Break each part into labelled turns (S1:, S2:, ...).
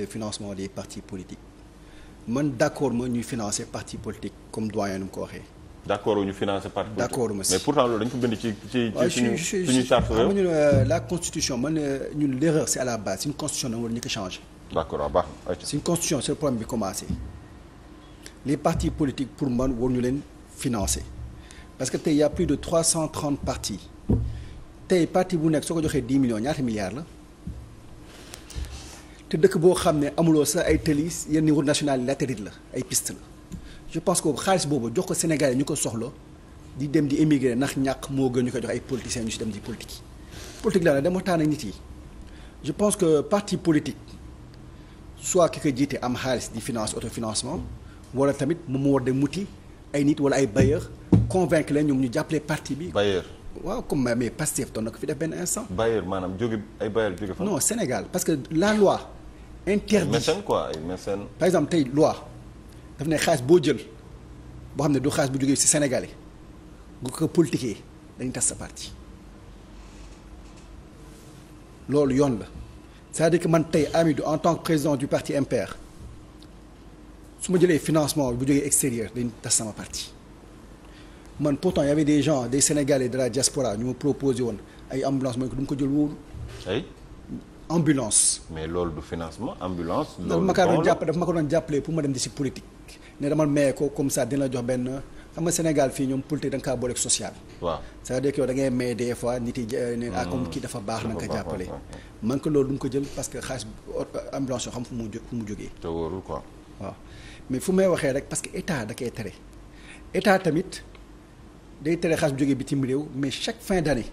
S1: le financement des partis politiques man d' accord ma ñuy financer parti politique comme doyen nu mu ko waxee. d' accord ñu financer parti politique d' accord ma si mais pourtant loolu ko bind ci ci ci suñu suñu charte réew. Euh, la constitution man euh, ñun l' erreur la base suñu constitution nag war nañu ko changer. d' accord waaw ah, baax na. constitution c' est problème bi commencé les parti politiques pour man war ñu leen financer parce que tey y' a plus de 330 parti tey parti bu nekk soo ko joxee 10 millions ñaata milliards te dëkk boo xam ne amuloo sax ay tëlis yenn route nationale latérite la ay piste la je pense que xaalis boobu jox ko Sénégal yi ñu ko soxla di dem di émigré ndax ñàkk moo gën ñu ko jox ay politiciens ñu si dem di politique politique laa la dem waxtaan ak nit yi je pense que parti politique soit ki ko jiite am xaalis di finance financement wala tamit moom moo war de muti ay nit wala ay bailleurs convaincre leen ñoom ñu jàppale parti bi. bailleur waaw comme mais Pastef doon na ko fi def benn ay bailleur jóge Sénégal parce que la interdit mécène quoi ay mécène par exemple tey loi daf ne xaalis boo jël boo xam ne du xaalis bu jógee si Sénégalais bu ko politiquee dañu tas sa parti loolu yoon la c'est-à-dire que man tey Amidou en tant que président du parti MPR su ma jëlee financement bu jógee extérieur dañu tas sama parti man pourtant y avait des gens des Sénégalais de la diaspora ñu ma proposé woon ay ambulance mooy ko du ma ko jël wóolu ambulance. mais loolu du financement ambulance. loolu ma kaa doon jàpp daf ma ko doon jàppale pour ma dem di si politique ne dama maye ko comme ça dina la jox benn xam nga Sénégal fii ñoom politique da nga kaa booleeg social. waaw c'est-à-dire que yow da ngay maye des fois nit yi euh, ne ah comme hmm. kii dafa baax na nga ko jàppale. man ko loolu du ko jël parce que xaalis euh, ambulance yoo xam fu mu jóg fu mu ko te wóorul mais fu may waxee rek parce que état da kay tere état tamit day tere xaalis bu jógee bitim réew mais chaque fin d'année.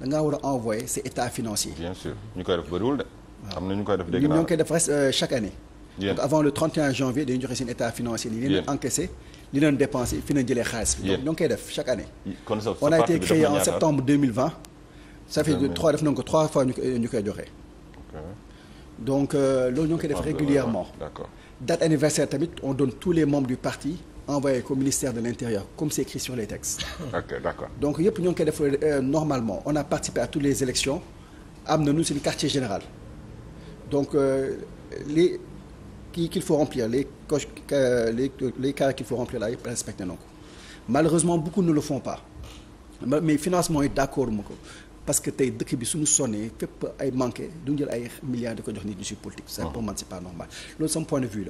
S1: da ngaa war a envoyer c'est état financier. bien koy def bëriwul de. am na ñu koy def dégg naa ngi koy def presque euh, chaque année. donc avant le 31 janvier dañu joxe seen état financier. li leen encaissé li leen dépensé fi leen jëlee xaalis bi. donc ñoo ngi koy def chaque année. on a été créé en septembre 2020. trois def fois ñu koy euh, ñu koy donc euh, loolu ñoo ngi koy def régulièrement. d'accord date anniversaire tamit on donne tous les membres du parti. envoyé ko ministère de l'intérieur comme c'est écrit sur les textes ok d'accord donc yëpp ñoo ngi euh, on a participé à toutes les élections am na nu suñu quartier général donc euh, les kii qu'il faut remplir les coches euh, les les cas qu'il faut remplir là yëpp respecté na ko malheureusement beaucoup ne le font pas mais financement yi d'accord ma ko parce que tey dëkk bi suñu sonnee fépp ay manqué du ñu jël ay milliards di ko jox nit ñi ci politique ça ah. pour de vue